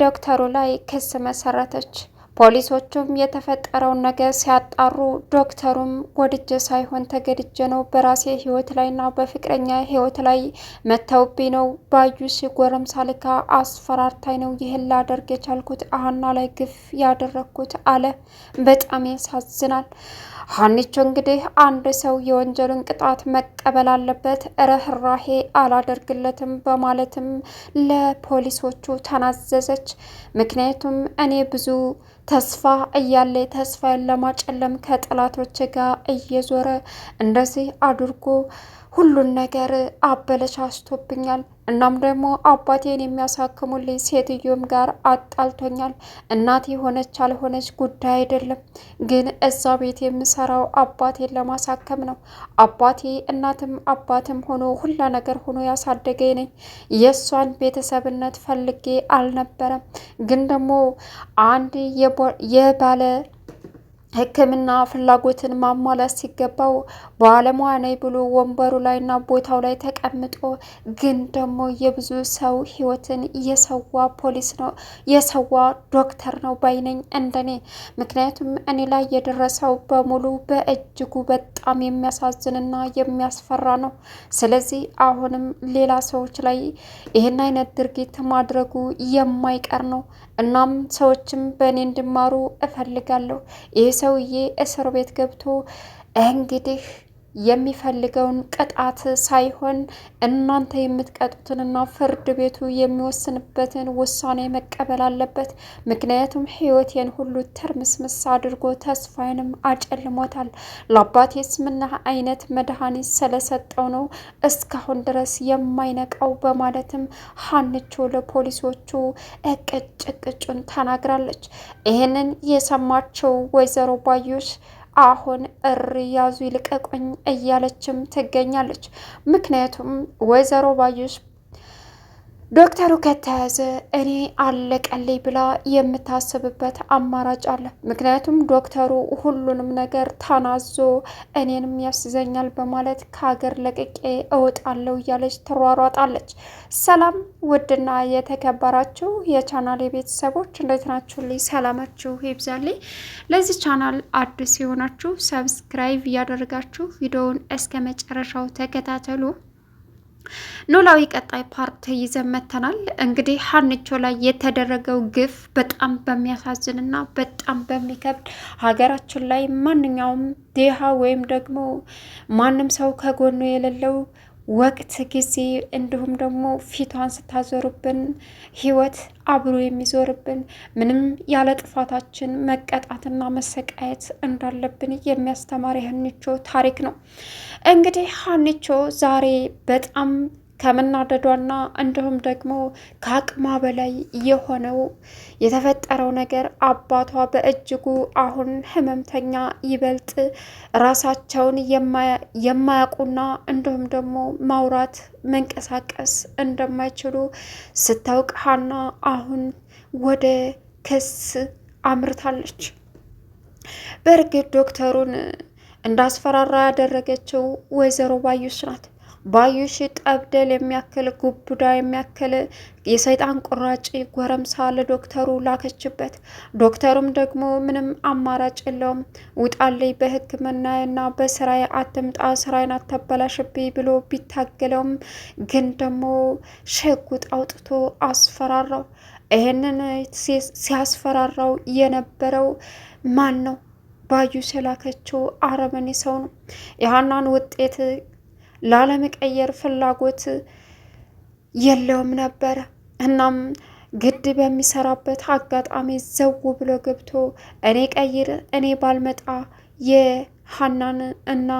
ዶክተሩ ላይ ክስ መሰረተች። ፖሊሶቹም የተፈጠረውን ነገር ሲያጣሩ ዶክተሩም ጎድጀ ሳይሆን ተገድጀ ነው፣ በራሴ ህይወት ላይና በፍቅረኛ ህይወት ላይ መተውብኝ ነው። ባዩሽ ጎረምሳ ልካ አስፈራርታኝ ነው ይህን ላደርግ የቻልኩት አሀና ላይ ግፍ ያደረግኩት አለ። በጣም ያሳዝናል። ሀኒቾ እንግዲህ አንድ ሰው የወንጀልን ቅጣት መቀበል አለበት፣ ርህራሄ አላደርግለትም በማለትም ለፖሊሶቹ ተናዘዘች። ምክንያቱም እኔ ብዙ ተስፋ እያለ ተስፋን ለማጨለም ከጠላቶች ጋር እየዞረ እንደዚህ አድርጎ ሁሉን ነገር አበለሻሽቶብኛል። እናም ደግሞ አባቴን የሚያሳክሙልኝ ሴትዮም ጋር አጣልቶኛል። እናቴ የሆነች አልሆነች ጉዳይ አይደለም፣ ግን እዛ ቤት የምሰራው አባቴን ለማሳከም ነው። አባቴ እናትም አባትም ሆኖ ሁላ ነገር ሆኖ ያሳደገኝ ነኝ። የእሷን ቤተሰብነት ፈልጌ አልነበረም፣ ግን ደግሞ አንድ የባለ ሕክምና ፍላጎትን ማሟላት ሲገባው ባለሙያ ነኝ ብሎ ወንበሩ ላይና ቦታው ላይ ተቀምጦ ግን ደግሞ የብዙ ሰው ሕይወትን የሰዋ ፖሊስ ነው የሰዋ ዶክተር ነው ባይነኝ እንደኔ። ምክንያቱም እኔ ላይ የደረሰው በሙሉ በእጅጉ በጣም በጣም የሚያሳዝንና የሚያስፈራ ነው። ስለዚህ አሁንም ሌላ ሰዎች ላይ ይህን አይነት ድርጊት ማድረጉ የማይቀር ነው። እናም ሰዎችም በእኔ እንዲማሩ እፈልጋለሁ። ይህ ሰውዬ እስር ቤት ገብቶ እንግዲህ የሚፈልገውን ቅጣት ሳይሆን እናንተ የምትቀጡትንና ፍርድ ቤቱ የሚወስንበትን ውሳኔ መቀበል አለበት። ምክንያቱም ህይወቴን ሁሉ ትርምስምስ አድርጎ ተስፋዬንም አጨልሞታል። ለአባቴስ ምን አይነት መድኃኒት ስለሰጠው ነው እስካሁን ድረስ የማይነቃው በማለትም ሀንቾ ለፖሊሶቹ እቅጭ ተናግራለች። ይህንን የሰማቸው ወይዘሮ ባዮች አሁን እርያዙ ይልቀቁኝ እያለችም ትገኛለች። ምክንያቱም ወይዘሮ ባዩሽ ዶክተሩ ከተያዘ እኔ አለቀልኝ ብላ የምታስብበት አማራጭ አለ። ምክንያቱም ዶክተሩ ሁሉንም ነገር ተናዞ እኔንም ያስዘኛል በማለት ከሀገር ለቅቄ እወጣለሁ እያለች ትሯሯጣለች። ሰላም ውድና የተከበራችሁ የቻናል የቤተሰቦች እንዴት ናችሁ? ልኝ ሰላማችሁ ይብዛልኝ። ለዚህ ቻናል አዲስ የሆናችሁ ሰብስክራይብ እያደረጋችሁ ቪዲዮውን እስከ መጨረሻው ተከታተሉ። ኖላዊ ቀጣይ ፓርት ይዘመተናል እንግዲህ ሀንቾ ላይ የተደረገው ግፍ በጣም በሚያሳዝን በጣም በሚከብድ ሀገራችን ላይ ማንኛውም ድሃ ወይም ደግሞ ማንም ሰው ከጎኑ የሌለው ወቅት ጊዜ እንዲሁም ደግሞ ፊቷን ስታዞርብን ህይወት አብሮ የሚዞርብን ምንም ያለ ጥፋታችን መቀጣትና መሰቃየት እንዳለብን የሚያስተማር የሀኒቾ ታሪክ ነው። እንግዲህ ሀኒቾ ዛሬ በጣም ከመናደዷና እንዲሁም ደግሞ ከአቅሟ በላይ የሆነው የተፈጠረው ነገር አባቷ በእጅጉ አሁን ህመምተኛ ይበልጥ ራሳቸውን የማያውቁና እንዲሁም ደግሞ ማውራት መንቀሳቀስ እንደማይችሉ ስታውቅ ሀና አሁን ወደ ክስ አምርታለች። በእርግጥ ዶክተሩን እንዳስፈራራ ያደረገችው ወይዘሮ ባዩሽ ናት። ባዩሽ ጠብደል የሚያክል ጉቡዳ የሚያክል የሰይጣን ቁራጭ ጎረምሳ ለዶክተሩ ላከችበት። ዶክተሩም ደግሞ ምንም አማራጭ የለውም ውጣልኝ፣ በሕክምናና በስራ አትምጣ፣ ስራዬን አታበላሽብኝ ብሎ ቢታገለውም ግን ደግሞ ሽጉጥ አውጥቶ አስፈራራው። ይህንን ሲያስፈራራው የነበረው ማን ነው? ባዩሽ የላከችው አረመኔ ሰው ነው። የሀናን ውጤት ላለመቀየር ፍላጎት የለውም ነበር እናም ግድ በሚሰራበት አጋጣሚ ዘው ብሎ ገብቶ እኔ ቀይር እኔ ባልመጣ የሀናን እና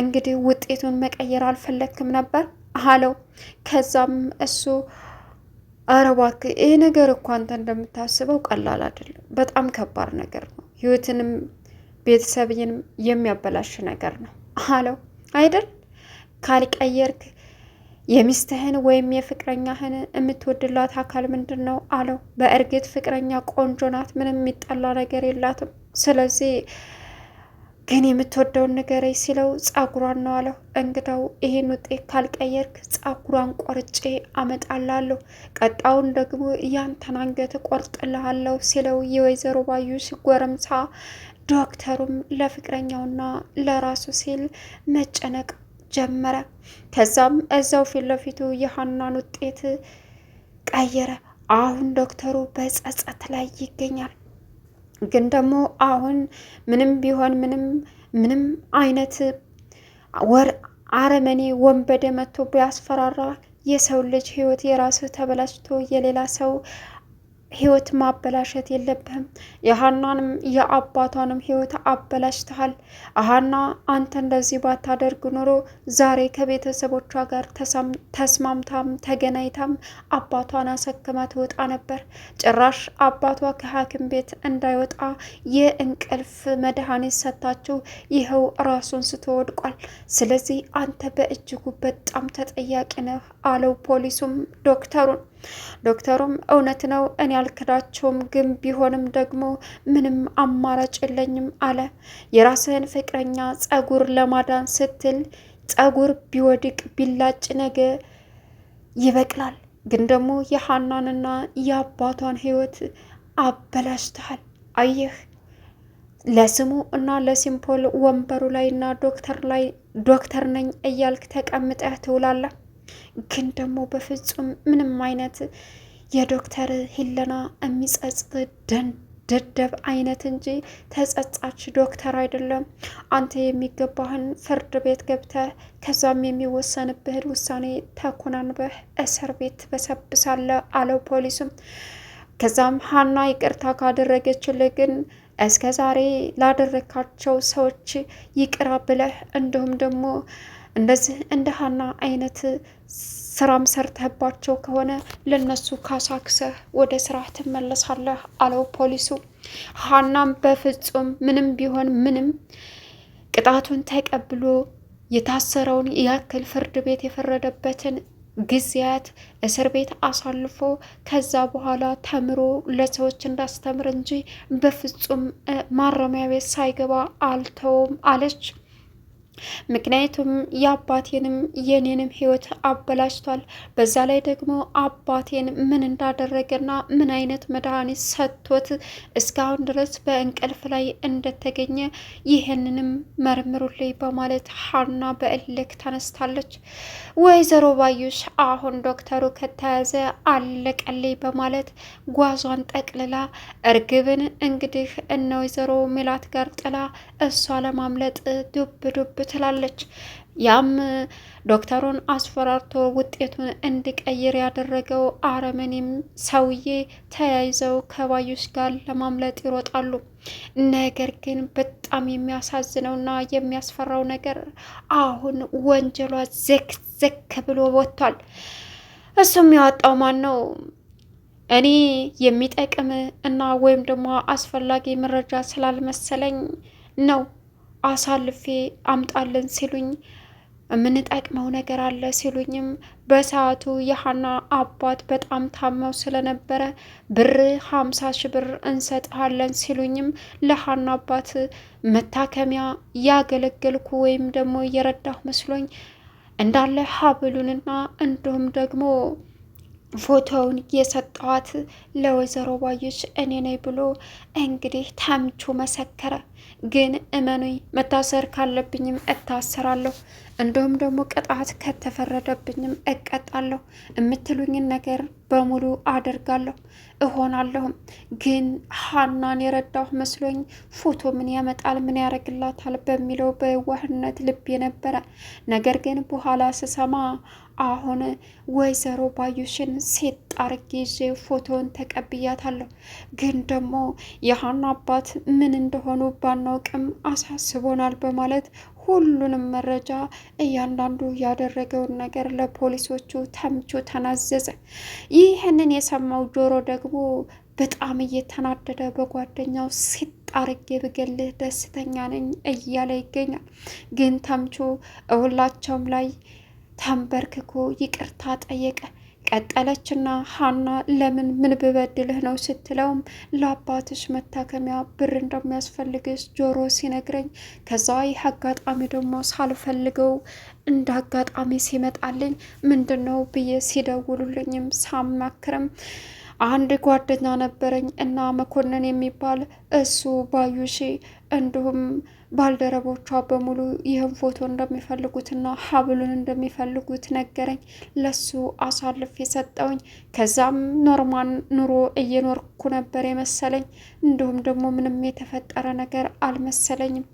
እንግዲህ ውጤቱን መቀየር አልፈለክም ነበር አለው። ከዛም እሱ ኧረ እባክህ ነገር እኮ አንተ እንደምታስበው ቀላል አይደለም፣ በጣም ከባድ ነገር ነው፣ ህይወትንም ቤተሰብንም የሚያበላሽ ነገር ነው አለው። አይደል ካልቀየርክ የሚስትህን ወይም የፍቅረኛህን የምትወድላት አካል ምንድን ነው አለው። በእርግጥ ፍቅረኛ ቆንጆ ናት፣ ምንም የሚጠላ ነገር የላትም። ስለዚህ ግን የምትወደውን ነገር ሲለው ጸጉሯን ነው አለው። እንግዳው ይህን ውጤት ካልቀየርክ ጸጉሯን ቆርጬ አመጣላለሁ፣ ቀጣውን ደግሞ ያንተን አንገት ቆርጥልሃለሁ ሲለው የወይዘሮ ባዩ ሲጎረምሳ ዶክተሩም ለፍቅረኛውና ለራሱ ሲል መጨነቅ ጀመረ። ከዛም እዛው ፊት ለፊቱ የሀናን ውጤት ቀየረ። አሁን ዶክተሩ በጸጸት ላይ ይገኛል። ግን ደግሞ አሁን ምንም ቢሆን ምንም ምንም አይነት ወር አረመኔ ወንበዴ መጥቶ ቢያስፈራራ የሰው ልጅ ህይወት የራሱ ተበላሽቶ የሌላ ሰው ህይወት ማበላሸት የለብህም። የሀናንም የአባቷንም ህይወት አበላሽተሃል። ሀና አንተ እንደዚህ ባታደርግ ኖሮ ዛሬ ከቤተሰቦቿ ጋር ተስማምታም ተገናኝታም አባቷን አሰክማ ትወጣ ነበር። ጭራሽ አባቷ ከሐኪም ቤት እንዳይወጣ የእንቅልፍ መድኃኒት ሰታችው ይኸው ራሱን ስቶ ወድቋል። ስለዚህ አንተ በእጅጉ በጣም ተጠያቂ ነህ አለው ፖሊሱም ዶክተሩን ዶክተሩም እውነት ነው እኔ አልክዳቸውም፣ ግን ቢሆንም ደግሞ ምንም አማራጭ የለኝም አለ። የራስህን ፍቅረኛ ጸጉር ለማዳን ስትል ጸጉር ቢወድቅ ቢላጭ ነገ ይበቅላል፣ ግን ደግሞ የሀናንና የአባቷን ህይወት አበላሽተሃል። አየህ ለስሙ እና ለሲምፖል ወንበሩ ላይ እና ዶክተር ላይ ዶክተር ነኝ እያልክ ተቀምጠህ ትውላለህ። ግን ደግሞ በፍጹም ምንም አይነት የዶክተር ሂለና የሚጸጽት ደን ደደብ አይነት እንጂ ተጸጻች ዶክተር አይደለም። አንተ የሚገባህን ፍርድ ቤት ገብተህ ከዛም የሚወሰንብህን ውሳኔ ተኮናንበህ እስር ቤት ትበሰብሳለ አለው ፖሊሱም። ከዛም ሀና ይቅርታ ካደረገችል ግን እስከ ዛሬ ላደረካቸው ሰዎች ይቅራ ብለህ እንዲሁም ደግሞ እንደዚህ እንደ ሀና አይነት ስራም ሰርተህባቸው ከሆነ ለነሱ ካሳክሰህ ወደ ስራ ትመለሳለህ አለው ፖሊሱ። ሀናም በፍጹም ምንም ቢሆን ምንም ቅጣቱን ተቀብሎ የታሰረውን ያክል ፍርድ ቤት የፈረደበትን ጊዜያት እስር ቤት አሳልፎ ከዛ በኋላ ተምሮ ለሰዎች እንዳስተምር እንጂ በፍጹም ማረሚያ ቤት ሳይገባ አልተውም አለች። ምክንያቱም የአባቴንም የኔንም ህይወት አበላሽቷል። በዛ ላይ ደግሞ አባቴን ምን እንዳደረገና ምን አይነት መድኃኒት ሰጥቶት እስካሁን ድረስ በእንቅልፍ ላይ እንደተገኘ ይህንንም መርምሩልኝ በማለት ሀና በእልክ ተነስታለች። ወይዘሮ ባዩሽ አሁን ዶክተሩ ከተያዘ አለቀልኝ በማለት ጓዟን ጠቅልላ እርግብን እንግዲህ እነ ወይዘሮ ሜላት ጋር ጥላ እሷ ለማምለጥ ዱብ ዱብ ትላለች። ያም ዶክተሩን አስፈራርቶ ውጤቱን እንዲቀይር ያደረገው አረመኔም ሰውዬ ተያይዘው ከባዩሽ ጋር ለማምለጥ ይሮጣሉ። ነገር ግን በጣም የሚያሳዝነውና የሚያስፈራው ነገር አሁን ወንጀሏ ዘክ ዘክ ብሎ ወጥቷል። እሱም ያወጣው ማን ነው? እኔ የሚጠቅም እና ወይም ደግሞ አስፈላጊ መረጃ ስላልመሰለኝ ነው አሳልፌ አምጣልን ሲሉኝ የምንጠቅመው ነገር አለ ሲሉኝም በሰዓቱ የሀና አባት በጣም ታመው ስለነበረ ብር ሀምሳ ሺ ብር እንሰጥሃለን ሲሉኝም ለሀና አባት መታከሚያ ያገለገልኩ ወይም ደግሞ እየረዳሁ መስሎኝ እንዳለ ሀብሉንና እንዲሁም ደግሞ ፎቶውን የሰጠዋት ለወይዘሮ ባዮች እኔ ነኝ ብሎ እንግዲህ ተምቹ መሰከረ። ግን እመኑኝ መታሰር ካለብኝም እታሰራለሁ፣ እንዲሁም ደግሞ ቅጣት ከተፈረደብኝም እቀጣለሁ፣ የምትሉኝን ነገር በሙሉ አደርጋለሁ እሆናለሁም። ግን ሀናን የረዳሁ መስሎኝ ፎቶ ምን ያመጣል ምን ያደርግላታል በሚለው በዋህነት ልብ የነበረ ነገር ግን በኋላ ስሰማ አሁን ወይዘሮ ባዩሽን ሴት ጣርጌ ይዤ ፎቶውን ተቀብያታለሁ። ግን ደግሞ የሀና አባት ምን እንደሆኑ ባ ባናውቅም አሳስቦናል በማለት ሁሉንም መረጃ እያንዳንዱ ያደረገውን ነገር ለፖሊሶቹ ተምቹ ተናዘዘ። ይህንን የሰማው ጆሮ ደግሞ በጣም እየተናደደ በጓደኛው ሲጣርጌ ብገልህ ደስተኛ ነኝ እያለ ይገኛል። ግን ተምቹ እሁላቸውም ላይ ተንበርክኮ ይቅርታ ጠየቀ። ቀጠለችና ሀና ለምን ምን ብበድልህ ነው ስትለውም ለአባትሽ መታከሚያ ብር እንደሚያስፈልግሽ ጆሮ ሲነግረኝ ከዛ ይህ አጋጣሚ ደግሞ ሳልፈልገው እንደ አጋጣሚ ሲመጣልኝ ምንድን ነው ብዬ ሲደውሉልኝም ሳማክርም አንድ ጓደኛ ነበረኝ እና መኮንን የሚባል እሱ ባዩሺ እንዲሁም ባልደረቦቿ በሙሉ ይህን ፎቶ እንደሚፈልጉትና ሀብሉን እንደሚፈልጉት ነገረኝ። ለሱ አሳልፍ ሰጠውኝ። ከዛም ኖርማን ኑሮ እየኖርኩ ነበር የመሰለኝ። እንዲሁም ደግሞ ምንም የተፈጠረ ነገር አልመሰለኝም።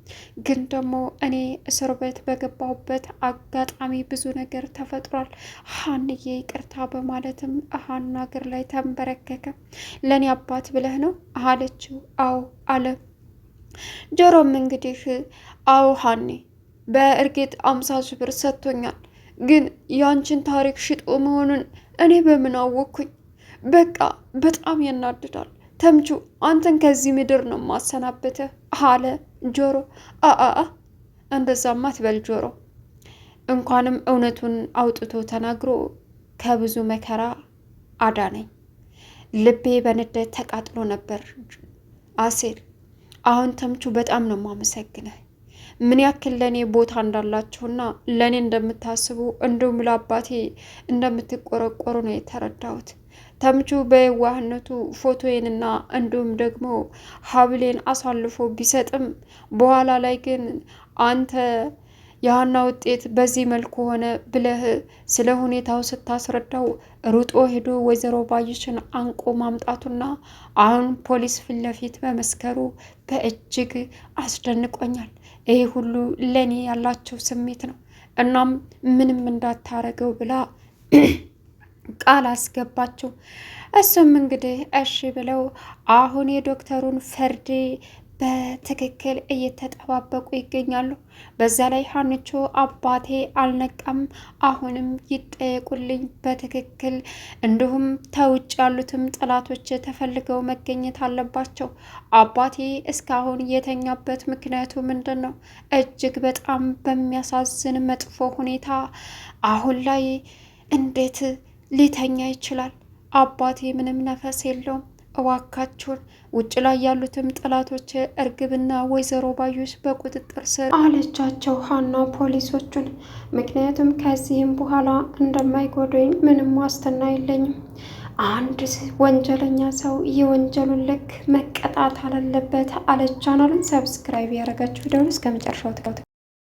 ግን ደግሞ እኔ እስር ቤት በገባሁበት አጋጣሚ ብዙ ነገር ተፈጥሯል። ሀንዬ ይቅርታ በማለትም ሀና እግር ላይ ተንበረከከ። ለእኔ አባት ብለህ ነው አለችው። አዎ አለ ጆሮም እንግዲህ አዎ ሀኔ በእርግጥ አምሳ ሺህ ብር ሰጥቶኛል፣ ግን ያንቺን ታሪክ ሽጦ መሆኑን እኔ በምን አወቅኩኝ? በቃ በጣም ያናድዳል። ተምቹ አንተን ከዚህ ምድር ነው ማሰናበተ አለ ጆሮ። አአአ እንደዛማ ትበል ጆሮ። እንኳንም እውነቱን አውጥቶ ተናግሮ ከብዙ መከራ አዳነኝ። ልቤ በንዴት ተቃጥሎ ነበር አሴር አሁን ተምቹ በጣም ነው የማመሰግንህ ምን ያክል ለእኔ ቦታ እንዳላችሁና ለእኔ እንደምታስቡ እንዲሁም ለአባቴ እንደምትቆረቆሩ ነው የተረዳሁት። ተምቹ በየዋህነቱ ፎቶዬንና እንዲሁም ደግሞ ሀብሌን አሳልፎ ቢሰጥም በኋላ ላይ ግን አንተ የሀና ውጤት በዚህ መልኩ ሆነ ብለህ ስለ ሁኔታው ስታስረዳው ሩጦ ሄዶ ወይዘሮ ባዩሽን አንቆ ማምጣቱና አሁን ፖሊስ ፊት ለፊት በእጅግ አስደንቆኛል። ይህ ሁሉ ለእኔ ያላቸው ስሜት ነው። እናም ምንም እንዳታረገው ብላ ቃል አስገባቸው። እሱም እንግዲህ እሺ ብለው አሁን የዶክተሩን ፈርዴ በትክክል እየተጠባበቁ ይገኛሉ። በዛ ላይ ሀንቾ አባቴ አልነቃም፣ አሁንም ይጠየቁልኝ በትክክል እንዲሁም ተውጭ ያሉትም ጠላቶች ተፈልገው መገኘት አለባቸው። አባቴ እስካሁን የተኛበት ምክንያቱ ምንድን ነው? እጅግ በጣም በሚያሳዝን መጥፎ ሁኔታ አሁን ላይ እንዴት ሊተኛ ይችላል? አባቴ ምንም ነፈስ የለውም። እባካችሁን ውጭ ላይ ያሉትም ጠላቶች እርግብና ወይዘሮ ባዩሽ በቁጥጥር ስር አለቻቸው ሀና ፖሊሶቹን። ምክንያቱም ከዚህም በኋላ እንደማይጎዱኝ ምንም ዋስትና የለኝም። አንድ ወንጀለኛ ሰው የወንጀሉን ልክ መቀጣት አለበት አለቻናልን። ሰብስክራይብ ያደረጋችሁ ቪዲዮውን እስከ መጨረሻው